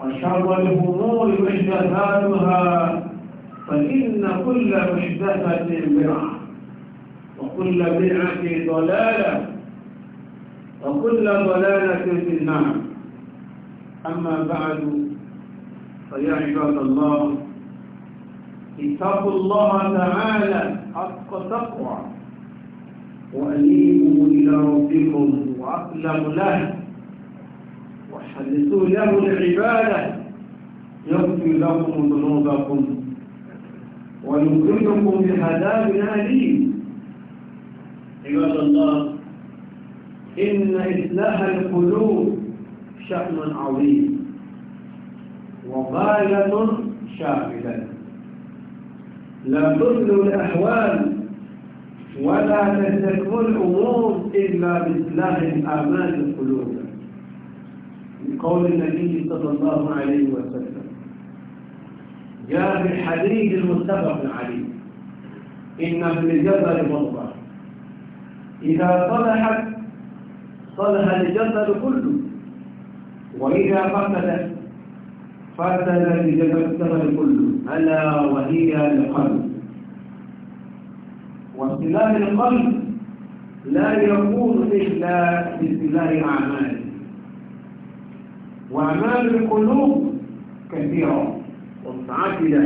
وشر الأمور محدثاتها فإن كل محدثة بدعة وكل بدعة ضلالة وكل ضلالة في النار أما بعد فيا عباد الله اتقوا الله تعالى حق تقوى وأنيبوا إلى ربكم وأقلموا له خلصوا له العبادة يغفر لكم ذنوبكم ويمكنكم بعذاب أليم عباد الله إن إصلاح القلوب شأن عظيم وغاية شاملة لا تبذل الأحوال ولا تستكمل الأمور إلا بإصلاح أعمال القلوب قول النبي صلى الله عليه وسلم جاء في الحديث المتفق عليه إن في الجبل مضغة إذا صلحت صلح الجبل كله وإذا فسدت فسد الجبل كله ألا وهي القلب واصطلاح القلب لا يكون إلا باصطلاح أعماله وأعمال القلوب كثيرة ومتعددة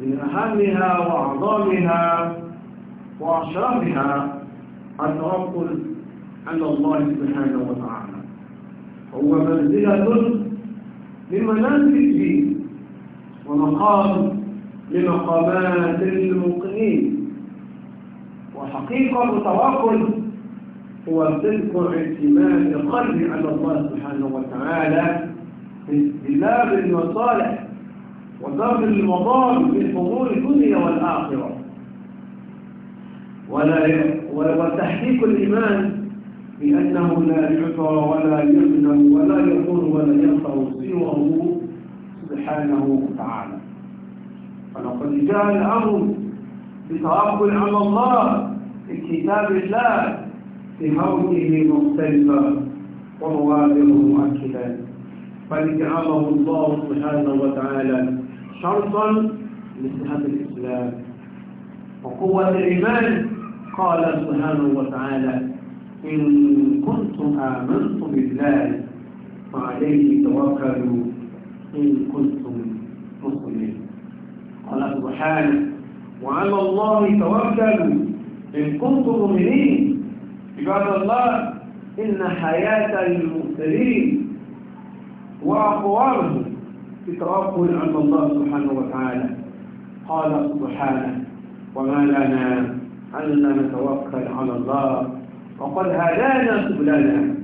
من أهمها وأعظمها وأشرفها التوكل على الله سبحانه وتعالى هو منزلة من منازل الدين ومقام لمقامات المقيم وحقيقة التوكل ومتلك اعتماد القلب على الله سبحانه وتعالى بلاب المصالح وضرب المضار في امور الدنيا والاخره ولا وتحقيق الايمان بانه لا يعطى ولا يمنع ولا يضر ولا ينفع سواه سبحانه وتعالى فلقد جاء الامر بتوكل على الله في كتاب الله بموته مختلفا ومواضعه مؤكدا جعله الله سبحانه وتعالى شرطا لصحة الإسلام وقوة الإيمان قال سبحانه وتعالى إن كنتم آمنتم بالله فعليه توكلوا إن كنتم مسلمين قال سبحانه وعلى الله توكلوا إن كنتم مؤمنين عباد الله إن حياة المؤمنين وأقوامهم في توكل على الله سبحانه وتعالى قال سبحانه وما لنا ألا نتوكل على الله وقد هدانا سبلنا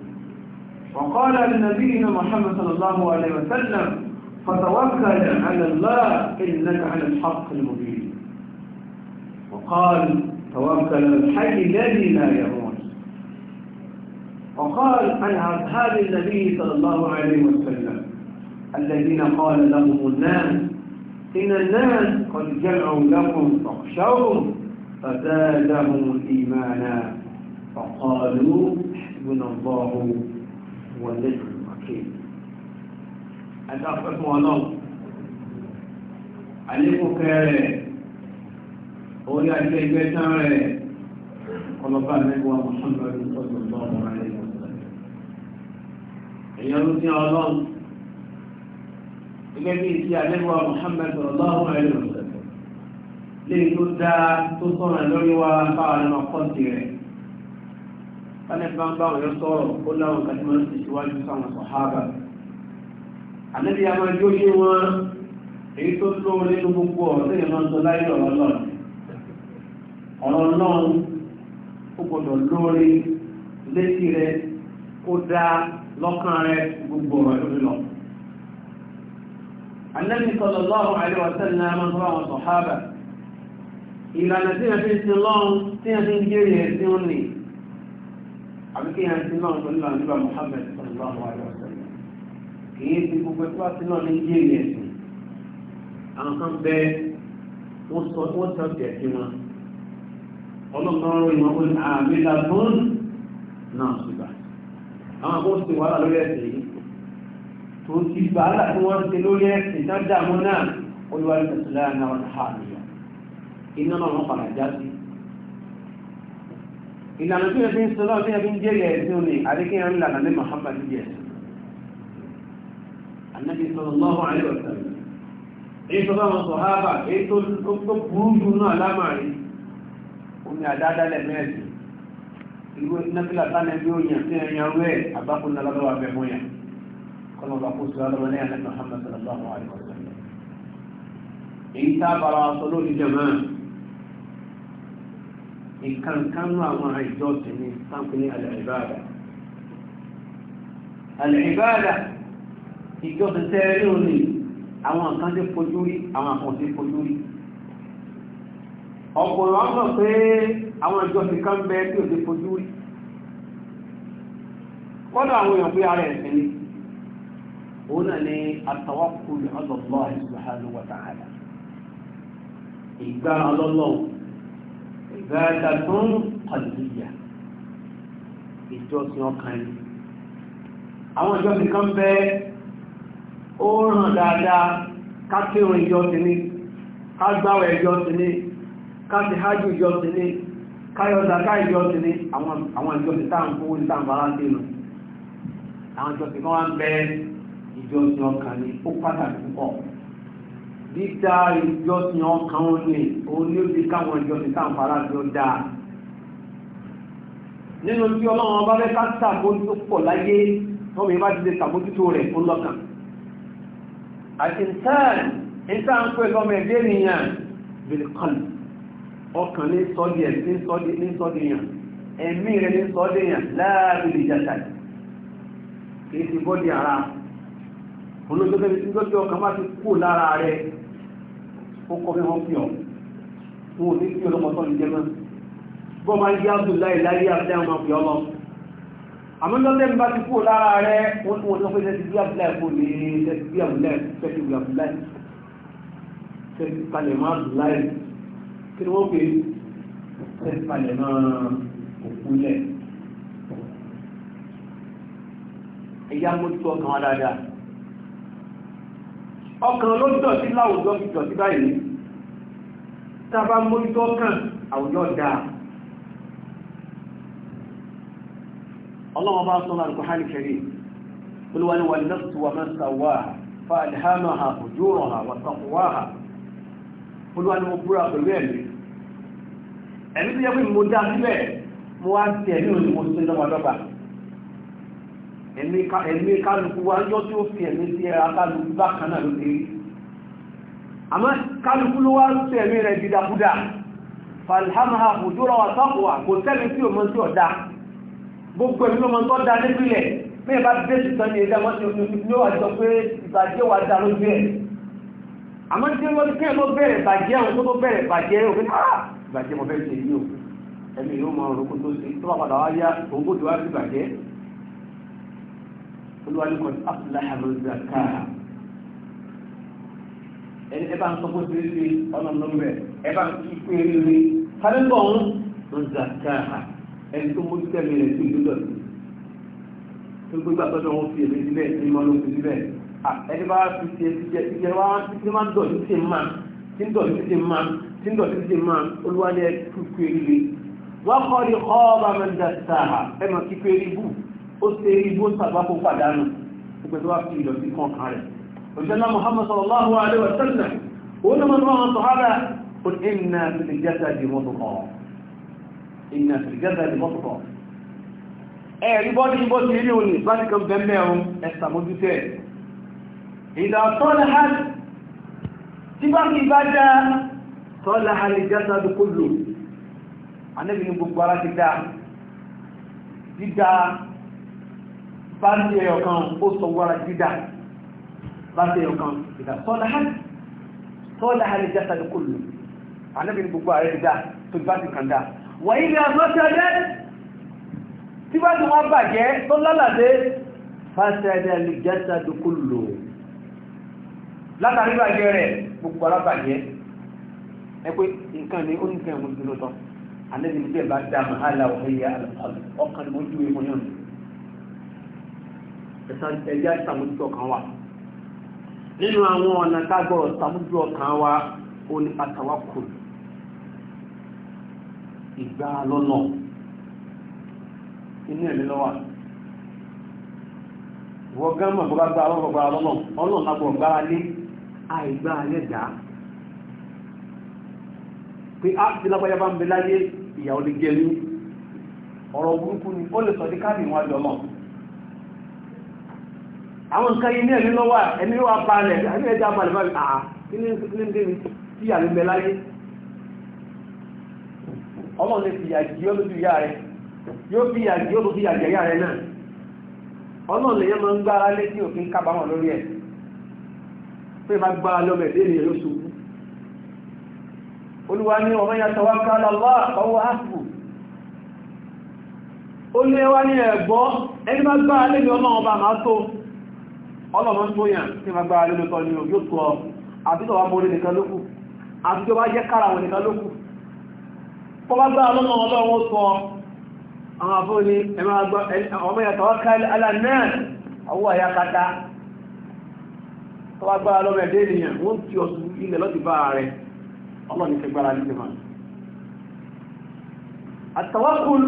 وقال لنبينا محمد صلى الله عليه وسلم فتوكل على الله إنك على الحق المبين وقال توكل على الحي الذي لا يرى وقال عن أصحاب النبي صلى الله عليه وسلم الذين قال لهم الناس إن الناس قد جمعوا لكم فاخشوهم فزادهم إيمانا فقالوا حسبنا الله ونعم الوكيل أتعرف الله عليكم كاره أولي أجل بيتنا ọlọ́pàá محمد صلى الله عليه وسلم èèyàn ló ní ọlọ́run gẹ́gẹ́ bí ìdí àlẹ́wà Muhammad ọlọ́run ẹ̀rọ léyìn tó dáa tó sọ̀rọ̀ lórí wa fáwọn ọmọ kọ́ọ̀tì rẹ̀ kálẹ̀ bá ń bá wọn yọ sọ̀rọ̀ ó láwọn kan tí wọ́n ti ṣíwájú sáwọn sọ̀hábà àlẹ́bí a máa jó yé wọn èyí tó lóun nínú gbogbo ọ̀rọ̀ tó yẹ máa ń sọ láyé ọ̀rọ̀ lọ́rùn ọ̀rọ̀ lọ́rùn ó gbọ́dọ̀ lórí létí rẹ̀ kó dáa lọ́kàn rẹ gbogbo ọ̀rọ̀ lórí lọ. Ànábì sallallahu alaihi wa sallam máa ń Ìlànà tí a fi ń sin lọ́run tí a fi ń sí Àbí kí a ń sin lọ́run pẹ̀lú sallallahu alaihi wa sallam. Kì í ti gbogbo ẹ̀kọ́ ní sí. Àwọn kan bẹ wọ́n sọ wọ́n sí wọn. àwọn akó ṣe wàhálà lórí ẹ̀sìn yìí tó ti wàhálà tí wọ́n ṣe lórí ẹ̀sìn tán dààmú náà olúwarí tẹ̀sílẹ̀ náà wọ́n ha nìyà iná náà wọ́n padà já sí. ìlànà tí wọ́n fi ń sọ lọ́wọ́ tí wọ́n fi ń jẹ́rìí ẹ̀sìn òní àdékẹ́yà ńlá nàlẹ́ Muhammad jẹ́ ẹ̀sìn. Ànábì sallallahu alaihi wasallam èyí tó bá wọn sọ hábà èyí tó burú náà lámàrin omi ìlú nàfílà tánà bí ó yàn sí ẹyàn rẹ àbákò náà lọ́wọ́ abẹ mọ́ yàn kọ́nà bá kó sọ lọ́wọ́ ní àná Muhammad sallallahu alayhi wa sallam èyí tá a bára sọ lórí jẹ̀mọ́ ìkànkánú àwọn àìjọ sí ní sáńpé ní al-ibada al-ibada ìjọ sí tẹ́ẹ̀rí òní àwọn kan ti fojú rí àwọn kan fojú rí ọ̀pọ̀lọpọ̀ pé àwọn ìjọsìn kan bẹ tí ò lè fojú rí kọ́nà àwọn èèyàn pé ara ẹ̀sìn ni òun náà ni at-tawakkul ala Allah subhanahu wa ta'ala ìgbára ọlọ́lọ́wọ́ ìgbára tó ń pàdùyà ìjọsìn ọkàn ni àwọn ìjọsìn kan bẹ ó ràn dáadáa ká kírun ìjọsìn ni ká gbáwẹ̀ ìjọsìn ni ká ti hájú ìjọsìn ni káyọ̀ zaka ìjọsìn ní àwọn ìjọsìn táà ń kówó ní táà ń bára sí inú àwọn ìjọsìn kan wá ń bẹ ìjọsìn ọkàn ní ó pàtàkì púpọ̀ dídá ìjọsìn ọkàn ó ní òun ní ó ti káwọn ìjọsìn táà ń bára sí ó dáa nínú tí ọlọ́run ọba bẹ́ẹ̀ ká sàbójútó pọ̀ láyé wọ́n mi bá ti lè sàbójútó rẹ̀ fún lọ́kàn àti ntáàn ntáàn pẹ̀lú ọmọ ẹ̀dẹ́ nìyàn bìlìkọ́lù ọkàn ní sọ́dí ẹ̀ ní sọ́dí yàn ẹ̀mí rẹ̀ ní sọ́dí yàn láàrin ìjàta kìí ti bọ́dí ara olóògbé tí lọ́jọ́ ọkàn máa ti kú lára rẹ̀ ó kọ́ bí wọ́n fi ọ̀ wọn ò ní kí ọlọ́mọtọ́ ní jẹ́ mọ́ bọ́ máa ń jẹ́ abdullahi láyé abdullahi máa fi ọlọ́ àmọ́ lọ́lẹ́ mi bá ti kú lára rẹ̀ wọ́n tún wọn lọ́pẹ́ tẹ́tí bí abdullahi kò ní tẹ́tí bí abdullahi tẹ́tí bí abdullahi kí ni wọ́n pè é sẹ́sìpalẹ̀ náà òkú lẹ̀. ẹ̀yà mójútó ọkàn wa dáadáa ọkàn ló dọ̀tí láwùjọ fi dọ̀tí báyìí tábà mójútó ọkàn àwùjọ dáa ọlọ́wọ́ bá sọ́nà alkùhálì kẹrì olúwa ni wà nafsu wa man sawaha fa alhamaha fujuraha olúwa ni mo búra pẹ̀lú ẹ̀mí ẹ̀mí tó yẹ pé mo dá síbẹ̀ mo wá ti ẹ̀mí òní mo sí lọ́gbàdọ́gbà ẹ̀mí kálukú wa yọ tí ó fi ẹ̀mí sí ẹ̀rá kálukú bákan náà ló ti rí àmọ́ kálukú ló wá sí ẹ̀mí rẹ̀ dídákúdà falhamaha fujura wa taqwa kò sẹ́ni tí o mọ tí ọ̀dá gbogbo ẹ̀mí ló mọ tó dá nípìnlẹ̀ mẹ́ẹ̀ bá dé ti sọ ní ẹ̀dá mọ́ ní ó wà jọ pé ìbàjẹ́ wà dá lójú ẹ̀ àmọ́ tí wọ́n kẹ́ ló bẹ̀rẹ̀ bàjẹ́ òun tó bẹ̀rẹ̀ bàjẹ́ òun ah! bàjẹ́ mo fẹ́ ṣe o ẹni yóò mọ orúkú tó ṣe tó bá padà wá yá ogún tó wá sí bàjẹ́ olúwarí kan afúláhà ló ń zaka ẹni ẹ bá ń sọ fún ṣe ṣe ọ̀nà lọ́mọbẹ̀ ẹ bá ń kí pé rere kálíbọ̀ ń ló ń zaka ẹni tó mójú tẹ̀lé rẹ̀ sí ìlú lọ́sí tó gbégbá tọ́jú ẹni bá fi ṣe ṣiṣẹ́ ṣiṣẹ́ wá títí máa ń dọ̀ títí máa tí ń dọ̀ títí máa tí ń dọ̀ títí máa olúwa ni ẹ kúkú eríire wọ́n kọ́ ni ọba mẹ́ta sáà ẹ máa kíkú eríbù ó ṣe eríbù ó sàgbà kó pàdánù gbogbo tó wá fi ìdọ̀tí kan kan rẹ̀ òṣèlú Muhammad sallallahu alaihi wa sallam òun náà máa ń sọ̀hálà ó ní ìnà ìjẹta di mọ́tò kọ́ ìnà ìjẹta di mọ́tò kọ́ ẹ̀rí bọ́dí bó ti rí òní bá ti kan bẹ́ẹ̀ mẹ́rin ẹ̀sàmójútẹ́ ìdá tọ́lá tí bá kí bá dá tọ́lá alìjásá dúkó lò anẹ́bí ní gbogbo ara ti dá dídá bá ń tẹ ọ̀kan ó sọ wára dídá bá tẹ ọ̀kan ìdá tọ́lá tọ́lá alìjásá dúkó lò anẹ́bí ní gbogbo ara ti dá tó bá ti kàn dá wà ilẹ̀ àmọ́tẹ́lẹ́ tí bá dúkó lò látàrí ìbàjẹ́ rẹ̀ gbogbo alábàjẹ́ ẹ pé nǹkan ni ní kẹ́ tán ní bẹ́ẹ̀ bá dá màhálà òhìyà àlùfáàlù ọkàn ni mo ju yàn ní ẹ̀yà ìsàmójútó ọkàn wa nínú àwọn ọ̀nà ọkàn wa ó ní ìgbà lọ́nà inú ẹ̀mí lọ́wọ́ lọ́nà ọlọ́nà lé àìgbà lẹ́dà pé á ah, ti lágbàjá bá ń bẹ láyé ìyàwó lè jẹ ní ọ̀rọ̀ burúkú ni ó lè sọ dí káàdì ìwọ̀n àjọ àwọn nǹkan yìí ní ẹ̀mí lọ́wọ́ ẹ̀mí wà balẹ̀ ẹ̀mí ẹ̀dá balẹ̀ bá ah, àà kí ní ń débi tí ìyàwó bẹ láyé ọmọ ní fìyà jí ó lójú ìyá rẹ yóò lójú ìyá rẹ náà ń gbára lé pé má gbá lọ́mẹ̀ lé ní oṣù olúwa ní ọmọ yàtọ̀ wá ká lọ́wọ́ ọwọ́ ápù ó lé wá ní ẹ̀gbọ́ ẹni má gbá lé ní ọmọ ọba máa tó ọlọ́mọ tó yàn tí má gbá lé ní ọtọ́ ní yóò tó ọ àbíkọ̀ wá borí nìkan lókù ọmọ yàtọ̀ wá ká tó wá gbára lọ́mọ ẹ̀dẹ́ ènìyàn wọ́n ti ọ̀sùn ilẹ̀ lọ́ti bá rẹ̀ ọlọ́ni ti gbára nílé wọn. àtàwákùn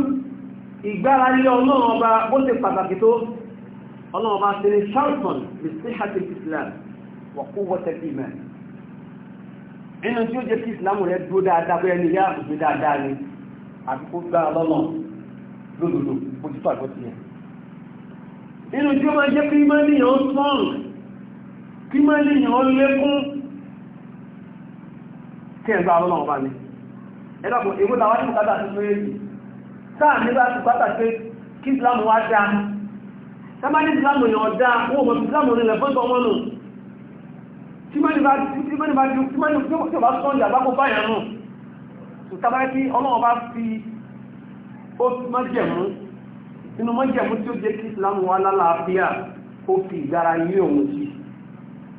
ìgbára nílé ọlọ́run ọba bó ṣe pàtàkì tó ọlọ́run ọba ṣe ní charlton lè sí hàtí islam wà kó wọ́tẹ̀ bí mẹ́ inú tí ó jẹ́ kí islam rẹ̀ kí máa lè yàn lékún kí ẹ̀gbà ọlọ́run bá ní ẹ̀dọ́kùn èwó làwá ní bùkátà sí méjì sáà nígbà tí bùkátà pé kí islam wá dá sábà ní islam yàn dá wọ́n mọ̀ islam nílẹ̀ fún ọmọ nù tí mẹ́rin bá tí mẹ́rin bá tí mẹ́rin tí ó bá sọ́ọ̀lì àbákò báyàn nù tàbí kí ọlọ́run bá fi ó mọ́jẹ̀mú inú mọ́jẹ̀mú tí ó jẹ́ kí islam wá lálàáfíà ó fi ìdára yí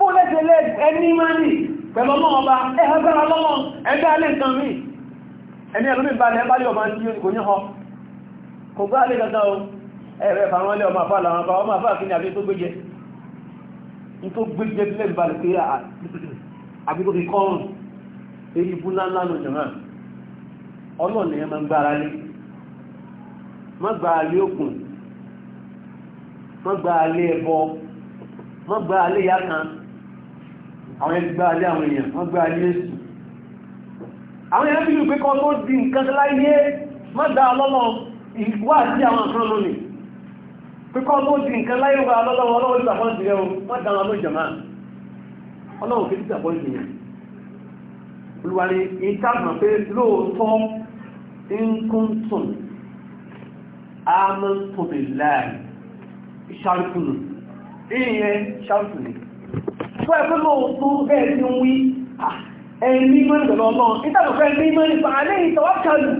fúnlẹ́sẹ̀lẹ́ ẹni máa ní pẹ̀lú ọba ẹgbẹ́ra lọ́wọ́ ẹgbẹ́ alẹ́ nǹkan rí ẹni ẹlùmí balẹ̀ ẹbálẹ̀ ọmọ tí kò ní họ kò gbá alẹ́ gata o ẹ̀rẹ́ fàwọn alẹ́ ọmọ àfáà làwọn ọmọ àfáà kí ni ẹbọ kan àwọn ẹni gbá alé àwọn èèyàn wọ́n gbá alé èsù àwọn èèyàn bí i pé kọ́ tó di nǹkan láyé má dá ọlọ́lọ́ ìwà àti àwọn nǹkan lónìí pé kọ́ tó di nǹkan láyé wà lọ́lọ́wọ́ ọlọ́wọ́ ìgbàgbọ́n ti rẹ̀ o má dá wọn lójà máa ọlọ́wọ́ fi dìgbàgbọ́n ti yẹn olúwa ni ìtàgbọ̀n pé lóòótọ́ nkúntùn àmọ́ tòbí láàrín ìṣàrùkùnù ìyẹn ṣàrùkùnù fún ẹgbẹ́ lóòótọ́ bẹ́ẹ̀ ti ń wí ẹ̀yìn mímọ́ ìgbẹ̀lọ́ náà ìtàkùnfẹ́ mímọ́ nípa alẹ́ ìtọ́wọ́ kanù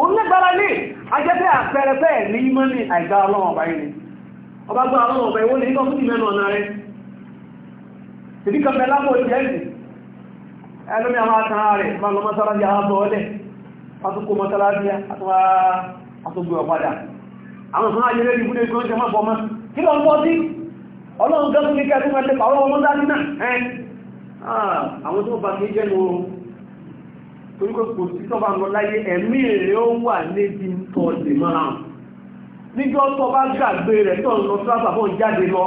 òun lẹ́gbàrá ní ajẹ́fẹ́ àpẹẹrẹ bẹ́ẹ̀ lọ ọlọ́run gẹ́gùn ní kẹ́kùn ẹ̀ṣẹ́ pàwọ́ ọmọ dájú náà ẹ́n àwọn tó bá kí jẹ́ lọ torípé kò sí tọ́bà lọ láyé ẹ̀mí èrè ó wà níbi tọ́ lè mọ́ra níjọ́ tọ́ bá gbàgbé rẹ̀ tọ́ lọ tó àbàbọ̀ jáde lọ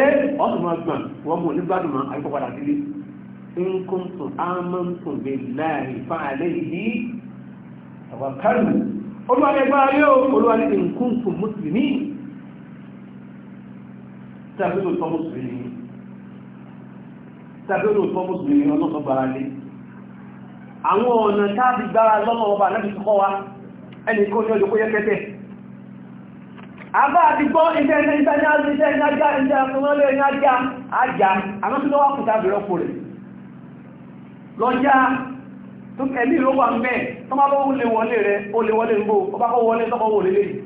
ẹ́ ọ̀sùn máa gbà wọ́n mọ̀ nígbàdùn máa àyíkọ́ padà sílé nkùntùn ámọ́ntùn lè láàrin fún alẹ́ yìí àwọn kárù olúwa ní ẹgbẹ́ ayé olúwa ní nkùntùn mùsùlùmí tàbí lóòótọ́ mùsùlùmí tàbí lóòótọ́ mùsùlùmí ọlọ́sọ gbára lé àwọn ọ̀nà táàbí gbára lọ́nà ọba náà fi kọ́ wa ẹni kó ní ọjọ́ kó yẹ kẹ́kẹ́ àbá àti gbọ́ iṣẹ́ iṣẹ́ iṣẹ́ ní ajá iṣẹ́ ní ajá iṣẹ́ àfihànlẹ̀ ní ajá ajá àmọ́ tí lọ́wọ́ kùtà bẹ̀rẹ̀ ọkù rẹ̀ lọ́já tó ẹ̀mí ìlú wà ń bẹ́ẹ̀ tó má lọ́wọ́ lè wọlé rẹ̀ ó lè wọlé ń bó ọba kọ́ wọlé tọ́kọ́ wọlé lẹ́yìn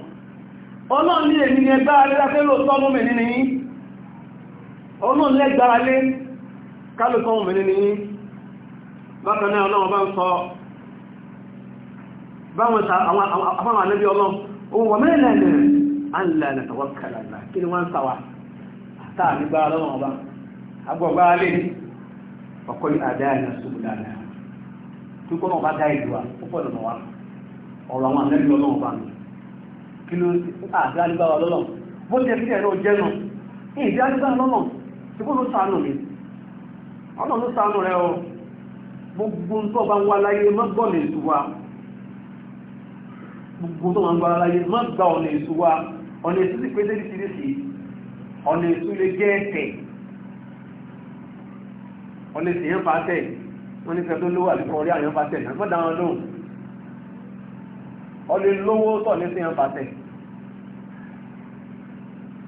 ọlọ́run ní èmi ní láti lò sọ́mù mẹ́ni ní ọlọ́run lẹ́gbára lé kálò sọ́mù mẹ́ni ní bákan náà ọlọ́run bá ń sọ báwọn àwọn ànábí ọlọ́run ohun wọ̀ mẹ́rin náà nìyẹn ni wọ́n ń sàwà táà ní gbára lọ́wọ́ ọba agbọ̀gbára lé ọkọ̀ ní àdáyà ní ṣùgbọ́n kí ló àdáríbáwà lọ́lọ́ bó jẹ́ kí ẹ̀rọ jẹ́ nù ní ìdáríbáwà lọ́lọ́ tí kò ló sànù mi ọ̀nà ló sànù rẹ o gbogbo tó bá ń wá láyé má gbọ́ ní èsù wa gbogbo tó bá ń wá láyé má gbà ọ̀nà èsù wa ọ̀nà èsù sì pé déríṣiríṣi ọ̀nà èsù lè jẹ́ ẹ̀tẹ̀ ọ̀nà èsù yẹn fa tẹ̀ wọ́n ní fẹ́ tó lówó àlùkò ọ̀rẹ́ àyànfà tẹ̀ náà gbọ́dọ̀ àwọn lóhùn ọ̀nà lówó tọ̀ ní sí yẹn fa tẹ̀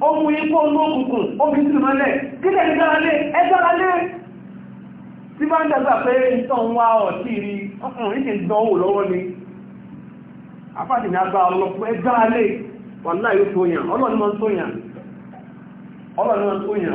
ohun ipò olókùnkùn omi sí mọ́lẹ̀ kílẹ̀ ìdáralé ẹdáralé tí bá ń dàgbà pé ìtàn wá ọ̀tí rí ọkùnrin ìṣẹ́ ìdánwò lọ́wọ́ ni àfáàdì ní agbára ọlọ́pọ̀ ẹdáralé wọ́n láyé tóyàn tó yàn ẹ̀rọ àwọn sàbẹ̀ ẹ̀rọ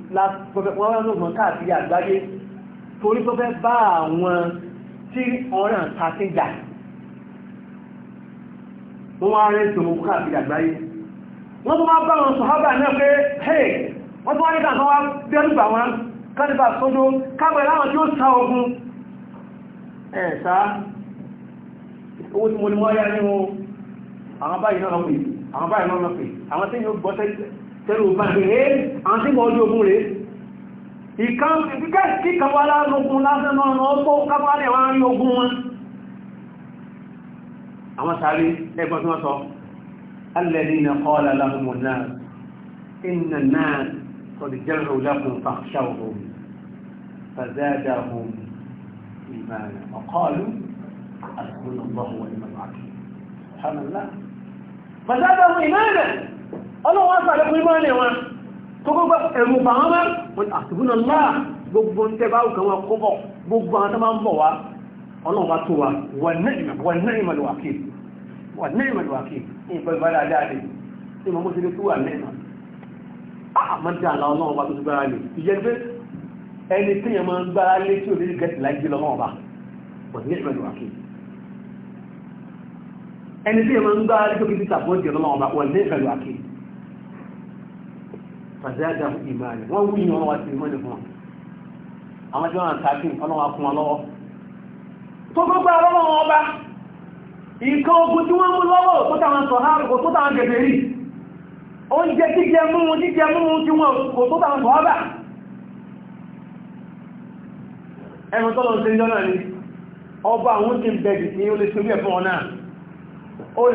wọ́n wọ́n lọ́gbọ̀n káàkiri àgbáyé torí tó fẹ́ bá àwọn tí ọ̀ràn tàbí jà wọ́n wá rẹ̀ ìṣòro káàkiri àgbáyé wọ́n tó máa bá wọn sọ̀hábà náà pé hey wọ́n tó wá nígbà tó wá dẹ́rùgbà wọn kọ́dìbà sójú kábẹ̀ láwọn tí ó sa ogun ẹ̀ sá owó tí mo ní wọ́n yá nínú àwọn báyìí náà lọ́pẹ̀ àwọn báyìí náà lọ́pẹ̀ àwọn tí yóò gbọ́tẹ́ tẹ́lù bá rẹ̀ àwọn tí mọ̀ ojú ogun rẹ̀ ìkan ìpíkẹ́ sí kàwàlá lókun lásán náà ọgbọ́ kápálẹ̀ wá rí ogun wọn àwọn sáré ẹgbọ́n tí wọ́n sọ alẹ́dínà kọ́ọ̀lá lámùmù náà inna náà قد جمعوا لكم فاخشوهم فزادهم إيمانا وقالوا حسبنا الله ونعم الوكيل سبحان الله فزادهم إيمانا ọlọ́wọ́ sàrẹ́ fún ìmọ́ ẹ̀nẹ̀ wọn tó gbogbo ẹ̀rù bà wọ́n mẹ́ àtìbúnà láà gbogbo ń tẹ́bá òkè wọn kó bọ̀ gbogbo àwọn tó máa ń bọ̀ wá ọlọ́wọ́ tó wà wọ́n ní ìmọ̀lúwàkì ìbọn ìbára dáadé tí mo mú sí tó wà lẹ́nà àmọ́dá àwọn ọlọ́wọ́ bá tó ah, tó gbára lè ìyẹn pé ẹni tí yẹn máa ń gbára lé tí ò ní gẹ̀ẹ́sì láìjẹ́ lọ́wọ́ bá wọ́n ní ìmọ̀lúwàkì ẹni fàzẹ́gà fún ìmáàlì wọ́n wí wá sí ìmọ̀lẹ̀ fún wọn àwọn tí wọ́n wà káàkiri ọlọ́wọ́ fún wọn lọ́wọ́ tó gbogbo ọlọ́wọ́ wọn nǹkan ogun tí mú tó táwọn sọ kò tó táwọn rí oúnjẹ jíjẹ mú jíjẹ mú tí kò tó táwọn sọ tọ́lọ̀ ṣe náà ni ọba àwọn tí ń ní ẹ̀fọ́ náà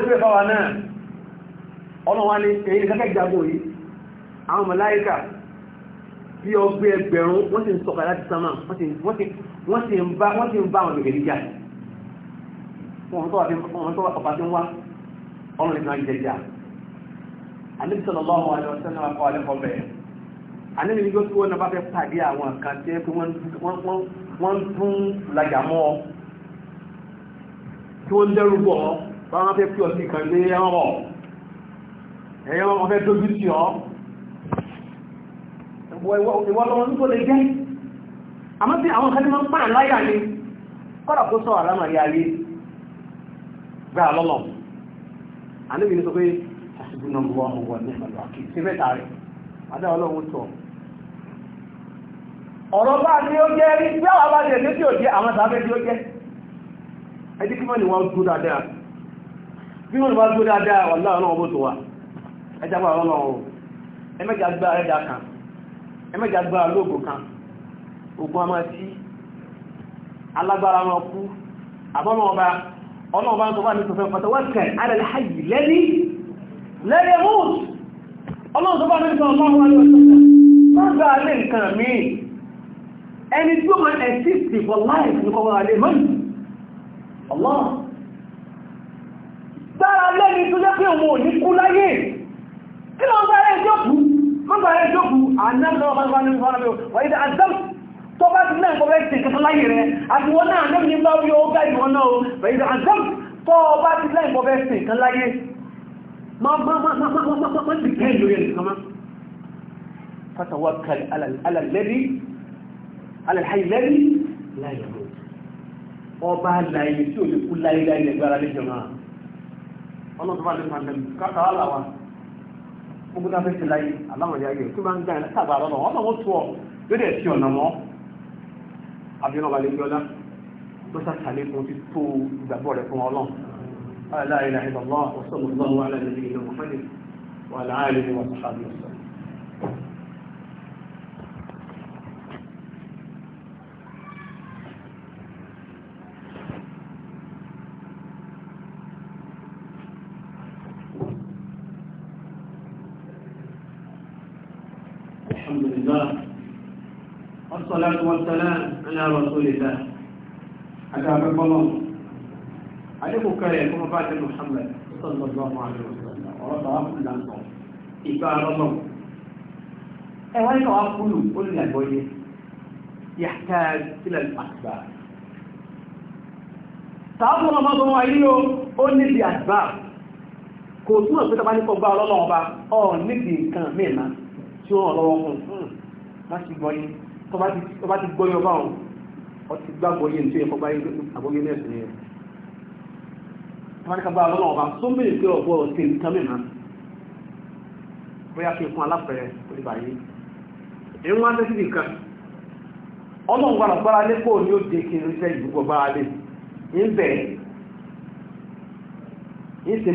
ẹ̀fọ́ wa náà ni èyí kẹ́kẹ́ jago àwọn màláíkà bí ọgbẹ́ ẹgbẹ̀rún wọ́n sì ń sọ̀kà láti sánmà wọ́n sì ń bá àwọn gbẹ̀gbẹ̀ jà wọ́n tó ọ̀pá tí ń wá ọmọ ìtàn ìjẹjà àníbi sallallahu alaihi wasallam akọ alẹ́kọ̀ọ́ bẹ̀rẹ̀ àníbi nígbó tí wọ́n bá fẹ́ pàdé àwọn kan tí wọ́n ń tún lajà mọ́ ọ tí wọ́n ń dẹ́rù bọ̀ ọ bá wọ́n fẹ́ pí ọtí kan lé ẹ̀wọ̀n ẹ̀yọ́ wọn fẹ́ dójú tì ọ́ ìwọ́lọ́wọ́n tó lè jẹ́ àmọ́ àwọn kan ní láyà ní kọ́dà tó sọ àrámà rí ayé gbà lọ́lọ́ sọ pé wọ́n ẹ mẹ́jà gbára lóògùn kan ogun a máa tí alágbára wọn kú àbọ́mọ̀ ọba ọlọ́ọ̀bá ń tọ́wà ní sọfẹ́ pàtàwọ́kẹ̀ alẹ́lẹ́hàyì lẹ́ni lẹ́rẹ̀ mọ́ọ̀t ọlọ́run tó bá ní sọ ọlọ́run wáyé ọ̀sán máa gba alẹ́ nǹkan for life ní kọwàá alẹ́ mọ́ọ̀t ọlọ́run dára lẹ́ni tó jẹ́ pé òun ò ní kú láyé àdánilọ́wọ́ bá bá ní ìfọ́nà bí wọ́n ìdá àdán tó bá ti náà kọ́ bẹ́ẹ̀ tẹ̀ kẹta láyé rẹ̀ àti wọ́n náà ní bá rí ó gáì wọn náà wọ́n ìdá àdán tó bá ti náà kọ́ bẹ́ẹ̀ tẹ̀ kẹta láyé má ti kẹ́ ìlú rẹ̀ nìkan má fatawakkal alàlẹ́bí alàlẹ́bí láyé ọba láyé tí ò lè kú láyé láyé lẹ́gbẹ̀rẹ̀ gbogbo náà fẹ́ ti láyé aláwọ̀yá yẹ tó bá ń gbà ẹ̀ sábà lọ́nà wọn náà wọ́n tó ọ yóò dẹ̀ ti ọ̀nà mọ́ abiyanu balẹ̀ gbọ́lá ló sàkàlẹ̀ fún ti tó ìgbàgbọ́ rẹ̀ fún ọlọ́run aláìláìlá ìbàlá ọ̀sán mọ̀tò lọ́wọ́ aláìláìlá ìbàlá والسلام على رسول الله أتابع الله عليكم كريم وفاة محمد صلى الله عليه وسلم ورضاه كل أنصار إبار الله أهل أقول قلنا بويه يحتاج إلى الأسباب sáàbù ọmọ ọmọ ayé yóò ó níbi àgbà kò túnmọ̀ pé tàbá nípa ọgbà ọlọ́lọ́ ọba ọ̀ níbi nǹkan mìíràn tí wọ́n lọ́wọ́ fún láti gbọ́yìn tó bá ti gbọ́yọ̀ bá wọn ọtí gbàgbọ́ yìí nítorí ẹ̀kọ́ báyìí àgbọ́yé náà sì nìyẹn wọn ká bá ọba tó ń bèrè pé ọ̀bọ ọ̀sẹ̀ nǹkan mìíràn bóyá fi fún alápẹ̀rẹ̀ orí èyí á tẹ́sí nìkan gbọ́dọ̀ kó ní ìdúgbò bẹ̀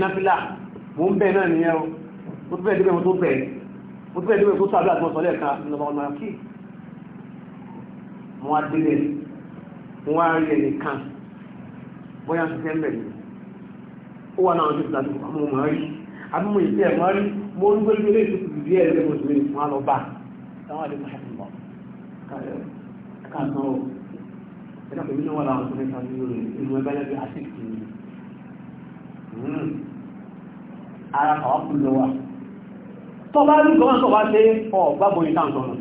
náfìlà mò ń bẹ̀ náà nìyẹn o mo tún wọn á délé wọn á rí ẹnìkan bóyá ṣiṣẹ́ ń bẹ̀ mí ó wà náà ṣe ìdájọ́ àmọ́ mọ̀ rí àmọ́ ìṣe ẹ̀mọ́ rí mo ń gbé ilé ìtùtù bí ẹ̀rẹ́ lẹ́gbọ̀n sí mi wọn á lọ bá táwọn àdéhùn ṣàfihàn bọ̀ káàtó ẹ̀dá pẹ̀lú náà wà láwọn tó mẹ́ta ní orí inú ẹgbẹ́ lẹ́gbẹ́ àṣìkì ni hmm. ara kàwá kú lọ wa tọ́ba ní gbọ́n tọ́ba ṣe ọ̀ gbàgbọ́ ìtàn tọ́nà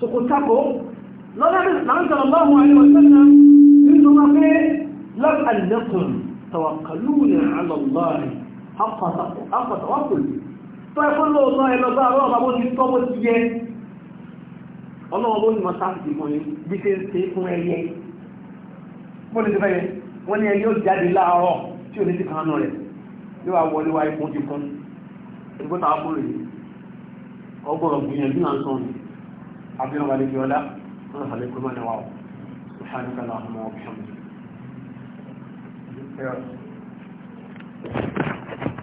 kò tako lọ́dọ̀dọ̀ láńsọ̀rọ̀ lọ́wọ́ àríwọ̀sánà nínú ma pé lọ́pàlẹ́kùn tàwàkàlù ní àlọ́lọ́rì àpàtàwàkùn tó ẹkọ́ lóòótọ́ ẹlọ́gbà àwọn ọmọ ti tọ́ bó ti yẹ ọlọ́wọ́ lóyún ma sáàtì fún yín bí ṣe ń ṣe fún ẹyẹ bó ti fẹ́ wọ́n ní ẹyẹ ó jáde láàárọ̀ tí ò ní ti abẹ́rẹ́ wà níbi ọlá wọn sàlẹ̀ kó mọ́ níwá o subhanahu wa ta'ala wa bihamdihi.